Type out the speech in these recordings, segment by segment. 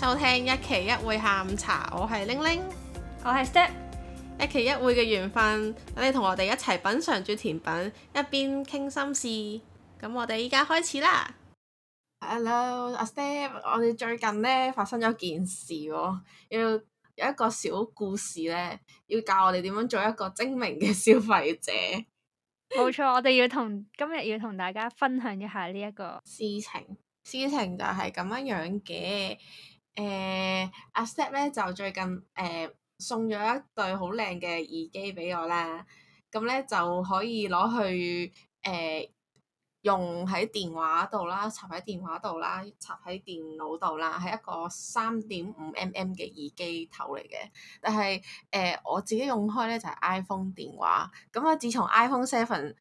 收聽一期一會下午茶，我係玲玲，我係是 Step，一期一會嘅緣分，等你同我哋一齊品嘗住甜品，一邊傾心事，咁我哋依家開始啦。Hello，阿 Step，我哋最近咧發生咗件事喎、哦，要有一個小故事咧，要教我哋點樣做一個精明嘅消費者。冇 錯，我哋要同今日要同大家分享一下呢、這、一個事情。事情就係咁樣樣嘅。誒，阿 Set 咧就最近誒、uh, 送咗一對好靚嘅耳機俾我啦，咁咧就可以攞去誒、uh, 用喺電話度啦，插喺電話度啦，插喺電腦度啦，係一個三點五 mm 嘅耳機頭嚟嘅，但係誒、uh, 我自己用開咧就係、是、iPhone 電話，咁啊自從 iPhone Seven。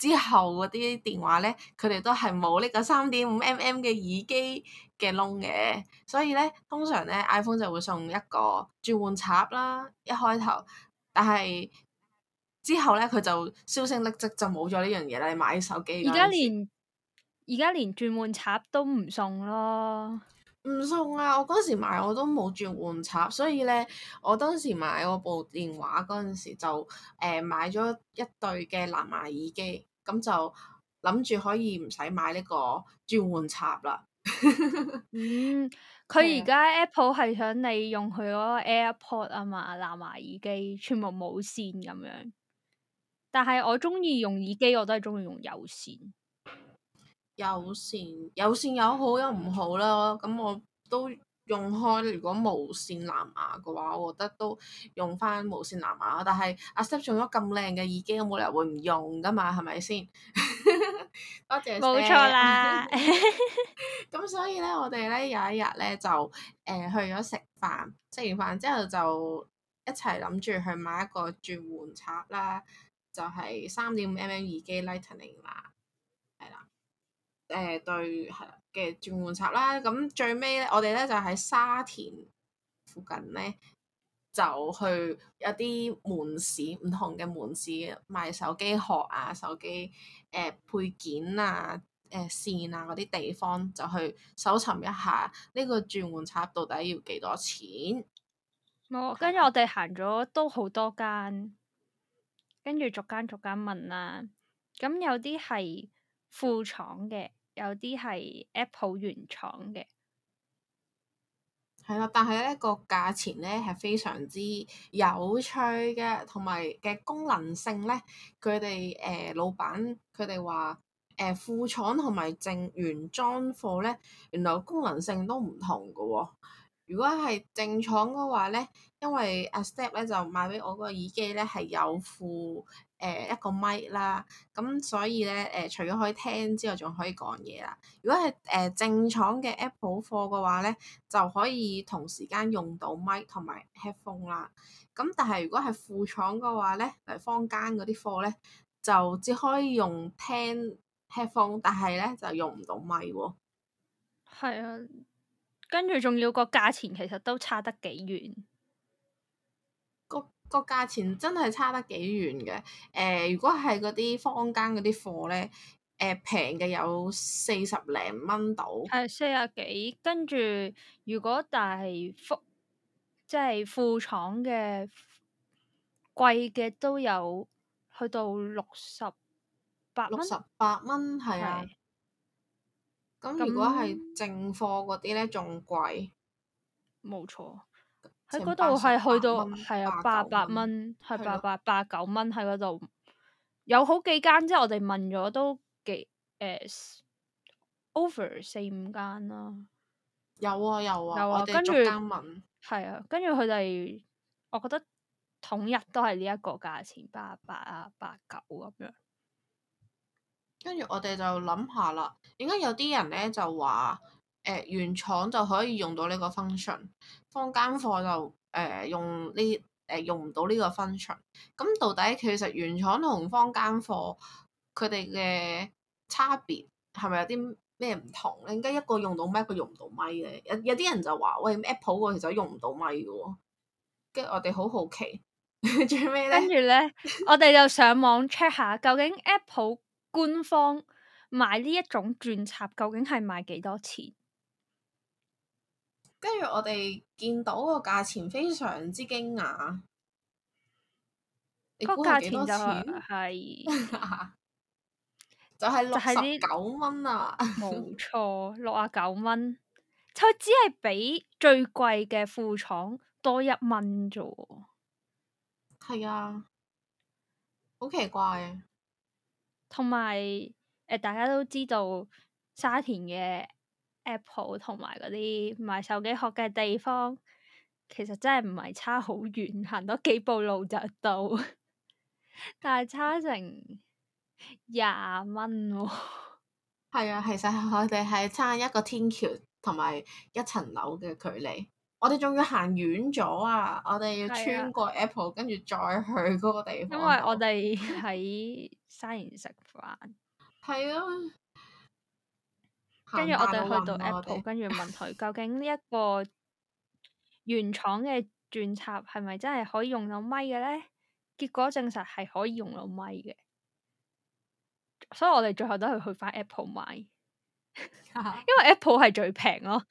之後嗰啲電話咧，佢哋都係冇呢個三點五 mm 嘅耳機嘅窿嘅，所以咧通常咧 iPhone 就會送一個轉換插啦。一開頭，但係之後咧佢就銷聲匿跡，就冇咗呢樣嘢啦。你買手機而家連而家連轉換插都唔送咯，唔送啊！我嗰時買我都冇轉換插，所以咧我當時買我部電話嗰陣時就誒、呃、買咗一對嘅藍牙耳機。咁就諗住可以唔使買呢個轉換插啦。 嗯，佢而家 Apple 係想你用佢嗰個 AirPod 啊嘛，藍牙耳機，全部冇線咁樣。但係我鍾意用耳機，我都係鍾意用有線，有線。有線有線有好有唔好囉，咁我都。用開如果無線藍牙嘅話，我覺得都用翻無線藍牙，但係阿 Step 送咗咁靚嘅耳機，我冇理由會唔用噶嘛？係咪先？多 謝，冇錯你錯啦。咁 所以咧，我哋咧有一日咧就誒、呃、去咗食飯，食完飯之後就一齊諗住去買一個轉換插啦，就係三點五 mm 耳機 Lightning 啦。誒、呃，對係嘅轉換插啦，咁、嗯、最尾咧，我哋咧就喺沙田附近咧，就去一啲門市，唔同嘅門市賣手機殼啊、手機誒、呃、配件啊、誒、呃、線啊嗰啲地方，就去搜尋一下呢個轉換插到底要幾多錢？冇、哦，跟住我哋行咗都好多間，跟住逐間逐間問啦。咁有啲係副廠嘅。哦有啲係 Apple 原廠嘅，係啦，但係咧，這個價錢咧係非常之有趣嘅，同埋嘅功能性咧，佢哋誒老闆佢哋話誒副廠同埋正原裝貨咧，原來功能性都唔同噶，哦。如果係正廠嘅話咧，因為 Astep 咧就賣俾我個耳機咧係有副。誒一個麥啦，咁所以咧誒、呃、除咗可以聽之外，仲可以講嘢啦。如果係誒、呃、正廠嘅 Apple 貨嘅話咧，就可以同時間用到麥同埋 headphone 啦。咁但係如果係副廠嘅話咧，誒、就是、坊間嗰啲貨咧就只可以用聽 headphone，但係咧就用唔到麥喎。係啊，跟住仲要個價錢其實都差得幾遠。個價錢真係差得幾遠嘅，誒、呃，如果係嗰啲坊間嗰啲貨咧，誒平嘅有四十零蚊到，誒、呃、四十幾，跟住如果大褸，即係副廠嘅貴嘅都有去到六十八六十八蚊。係啊，咁的如果係正貨嗰啲咧，仲貴，冇錯。喺嗰度係去到係啊八八蚊，係八八八九蚊喺嗰度，有好幾間。即係我哋問咗都幾誒、uh, over 四五間啦。有啊有啊，有啊。跟住我哋逐間問。係啊，跟住佢哋，我覺得統一都係呢一個價錢，八八啊八九咁樣。跟住我哋就諗下啦，點解有啲人呢就話？誒、呃，原廠就可以用到呢個 function，坊間貨就誒、呃、用呢誒、呃、用唔到呢個 function。咁、嗯、到底其實原廠同坊間貨佢哋嘅差別係咪有啲咩唔同咧？點解一個用到 mic，佢用唔到 mic 咧？有有啲人就話喂，Apple 個其實用唔到 mic 嘅，跟住我哋好好奇， 最尾咧，跟住咧，呢 我哋就上網 check 下究竟 Apple 官方賣呢一種轉插究竟係賣幾多錢？因為我哋見到個價錢非常之驚訝，個價錢 就係是69 就係六十九蚊啊！冇錯，六啊九蚊，佢只係比最貴嘅副廠多一蚊啫喎，係啊，好奇怪啊。同埋誒，大家都知道沙田嘅，Apple 同埋嗰啲賣手機殼嘅地方，其實真係唔係差好遠，行多幾步路就到。 但係差成廿蚊喎。係啊，其實我哋係差一個天橋同埋一層樓嘅距離。我哋仲要行遠咗啊！我哋要穿過 Apple、係啊、跟住再去嗰個地方。因為我哋喺沙田食飯。係 啊。跟住我哋去到 Apple，跟住問佢究竟呢一個原廠嘅轉插係咪真係可以用到咪嘅呢？結果證實係可以用到咪嘅，所以我哋最後都係去翻 Apple 買， 因為 App Apple 係最平咯。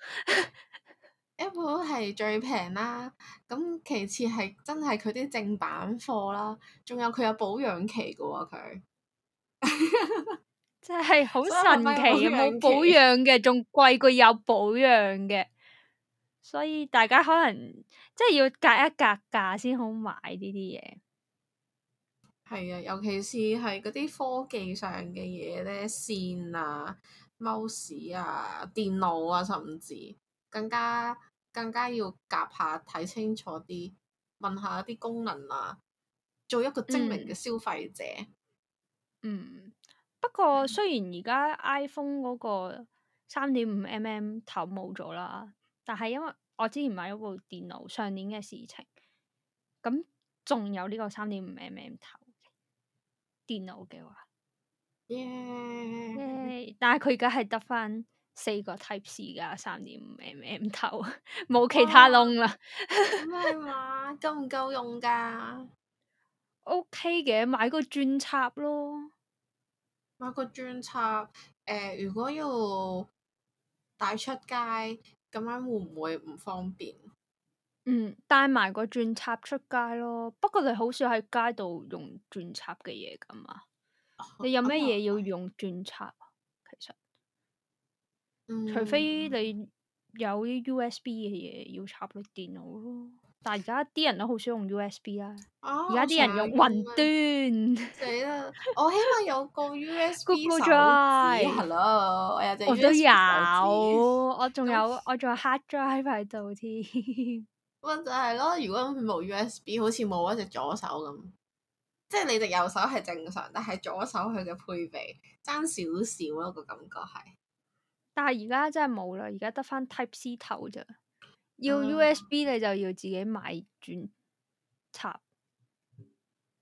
Apple 係最平啦，咁其次係真係佢啲正版貨啦，仲有佢有保養期嘅喎佢。 就係好神奇，冇保養嘅，仲貴過有保養嘅，所以大家可能即係要格一格價先好買呢啲嘢。係啊，尤其是係嗰啲科技上嘅嘢呢，線啊、mouse 啊、電腦啊，甚至更加更加要夾下睇清楚啲，問一下啲功能啊，做一個精明嘅消費者。嗯。嗯。不過、嗯、雖然而家 iPhone 嗰個三點五 mm 頭冇咗啦，但係因為我之前買咗部電腦上年嘅事情，咁仲有呢個三點五 mm 頭電腦嘅話，Yeah. yeah, 但係佢而家係得翻四個 Type C 噶三點五 mm 頭，冇其他窿啦。咩話哇？ 夠唔夠用噶？OK 嘅，買個轉插咯。買個轉插誒、呃，如果要帶出街咁樣會唔會唔方便？嗯，帶埋個轉插出街咯。不過你好少喺街度用轉插嘅嘢噶嘛？ 你有咩嘢要用轉插？其實，嗯、除非你有啲 U S B 嘅嘢要插入電腦咯。但係而家啲人都好少用 U S B 啦，oh，而家啲人用雲端死啦！我希望有個 U S B 手提，係咯，我有隻，我都有，我仲有，我仲有 hard drive 喺度添。咁就係咯，如果冇 U S B，好似冇一隻左手咁，即係你隻右手係正常，但係左手佢嘅配備爭少少咯，小小小啊，那個感覺係。但係而家真係冇啦，而家得翻 Type C 頭咋。要 USB 你就要自己買轉插，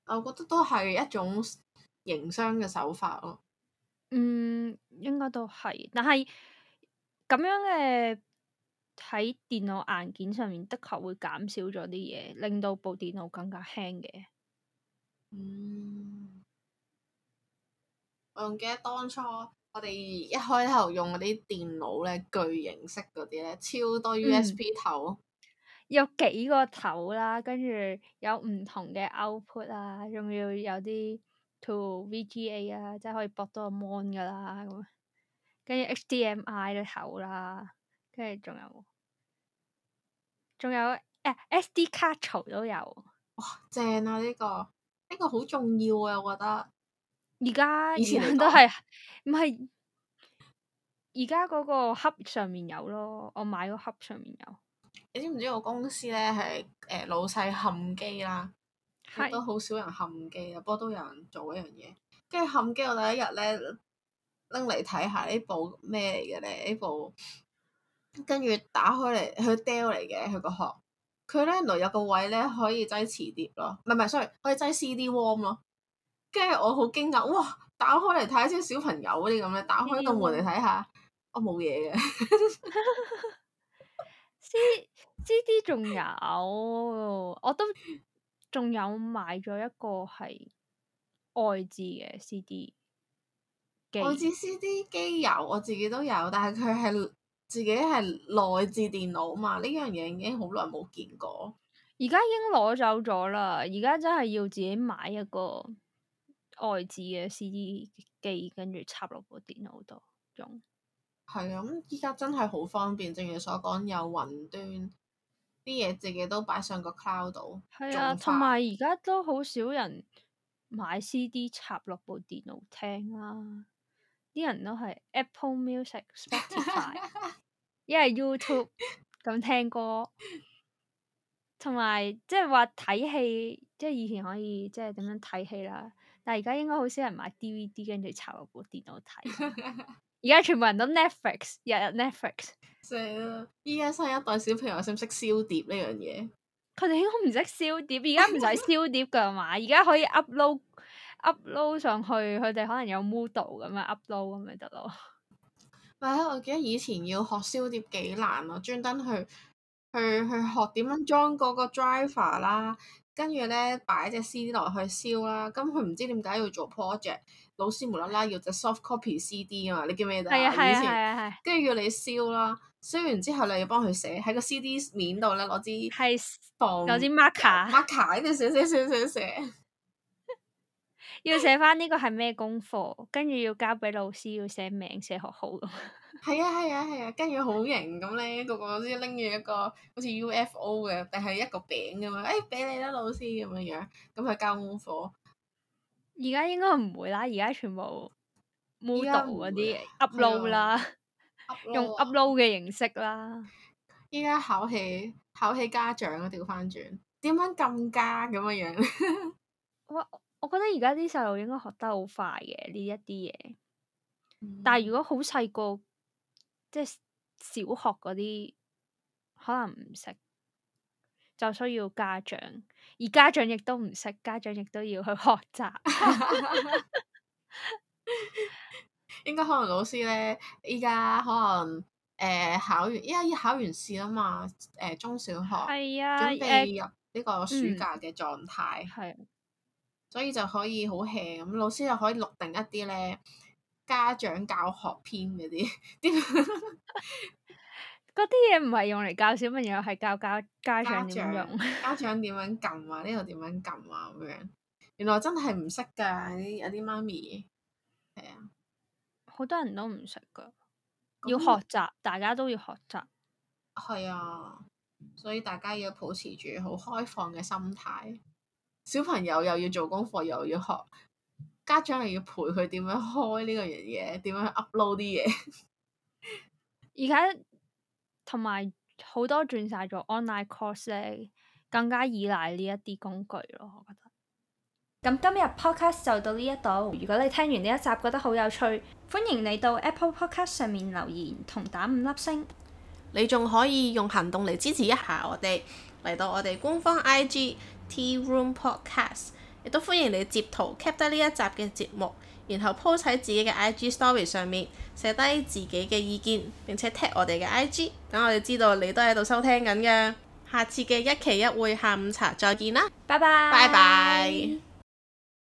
我覺得都係一種營商嘅手法咯。嗯，應該都係，但係咁樣嘅喺電腦硬件上面的確會減少咗啲嘢，令到部電腦更加輕嘅。嗯，我仲記得當初。我哋一開頭用嗰啲電腦呢，巨型式嗰啲呢，超多 USB 頭，嗯,有幾個頭啦，跟住有唔同嘅 output 啊，仲要有啲 to VGA 啊，即係可以駁多個 mon 噶啦，跟住 HDMI 嘅頭啦，跟住仲有，仲有誒、啊、SD 卡槽都有，哇，正啊呢、呢個，呢、呢個好重要啊，我覺得。而家以前都係唔係？而家嗰個盒上面有咯，我買嗰盒上面有。你知唔知我公司咧係誒老細冚機啦？都好是少人冚機啦，不過都有人做一樣嘢。跟住冚機，我第一日咧拎嚟睇下呢，看看部咩嚟嘅咧？呢部跟住打開嚟，佢 Dell 嚟嘅，佢個殼佢咧原來有個位咧可以擠磁碟咯，唔係唔係，sorry，可以擠 CD warm 咯。跟住我好驚訝，哇！打開嚟睇，先小朋友嗰啲咁樣，打開個門嚟睇下，CD 我冇嘢嘅。C D 仲有，我都仲有買咗一個係外置嘅 C D 機。外置 C D 機有，我自己都有，但係佢係自己係內置電腦嘛？呢樣嘢已經好耐冇見過。而家已經攞走咗啦，而家真係要自己買一個。外置嘅 CD 機跟住插落部電腦度用，係啊。咁依家真係好方便，正如所講，有雲端啲嘢自己都擺上個 cloud 度，係啊的。同埋而家都好少人買 CD 插落部電腦聽啦、啊，啲人都係 Apple Music、Spotify，一係 YouTube 咁聽歌，同埋即係話睇戲。即係以前可以即係點樣睇戲啦，但係而家應該好少人買 DVD，跟住插入部電腦睇。而家全部人都 Netflix，日日 Netflix。死啦！依家新一代小朋友識唔識燒碟呢樣嘢？佢哋應該唔識燒碟，而家唔使燒碟噶嘛，而家 可以 upload upload 上去，佢哋可能有 Moodle 咁樣 upload 咁咪得咯。唔係啊，我記得以前要學燒碟幾難啊，專登去去去學點樣裝嗰個 driver 啦。跟住咧，擺隻 CD 落去燒啦。咁佢唔知點解要做 project，老師無啦啦要隻 soft copy CD 啊嘛，你記唔記得啊？係啊，係啊，係啊，跟住要你燒啦，燒完之後你要幫佢寫喺個 CD 面度咧，攞支，係放是和有支 marker，marker 喺度寫寫寫寫寫，寫寫寫寫寫 要寫翻呢個係咩功課，跟住要交俾老師，要寫名寫學號。係啊，係啊，係啊，跟住好型咁咧，個個都拎住一個好似 UFO 嘅，定係一個餅咁樣，誒俾你啦，老師咁樣樣，咁去交功課。而家應該唔會啦，而家全部 Moodle 嗰啲 upload 啦，plo 用 upload 嘅形式啦。依家考起考起家長，調翻轉，點樣咁加咁樣樣？ 我我覺得而家啲細路應該學得好快嘅呢一啲嘢，嗯、但係如果好細個。即係小學嗰啲可能唔識，就需要家長，而家長亦都唔識，家長亦都要去學習。 應該可能老師咧，依家可能誒、呃、考完，依家要考完試啊嘛，誒、呃、中小學係啊，準備入呢個暑假嘅狀態，係、嗯，啊、所以就可以好輕咁，老師就可以錄定一啲咧。家長教學篇嗰啲，嗰啲嘢唔係用嚟教小朋友，係教家家長點樣用，家長點樣撳啊？呢度點樣撳啊？咁樣，原來真係唔識㗎。有啲媽咪，係啊，好多人都唔識㗎。要學習，大家都要學習。係 啊，所以大家要保持住好開放嘅心態。小朋友又要做功課，又要學。家長係要陪佢點樣開呢個嘢，點樣 upload 啲嘢。而家同埋好多轉晒做 online course 咧，更加依賴呢一啲工具咯。我覺得。咁今日 podcast 就到呢一度。如果你聽完呢一集覺得好有趣，歡迎你到 Apple Podcast 上面留言同打五粒星。你仲可以用行動嚟支持一下我哋，嚟到我哋官方 IG Tea Room Podcast。亦都歡迎你截圖 keep 得呢一集嘅節目，然後 po 喺自己嘅 IG story 上面，寫低自己嘅意見，並且 tag 我哋嘅 IG，等我哋知道你都喺度收聽緊嘅。下次嘅一期一會下午茶，再見啦，拜拜，拜拜。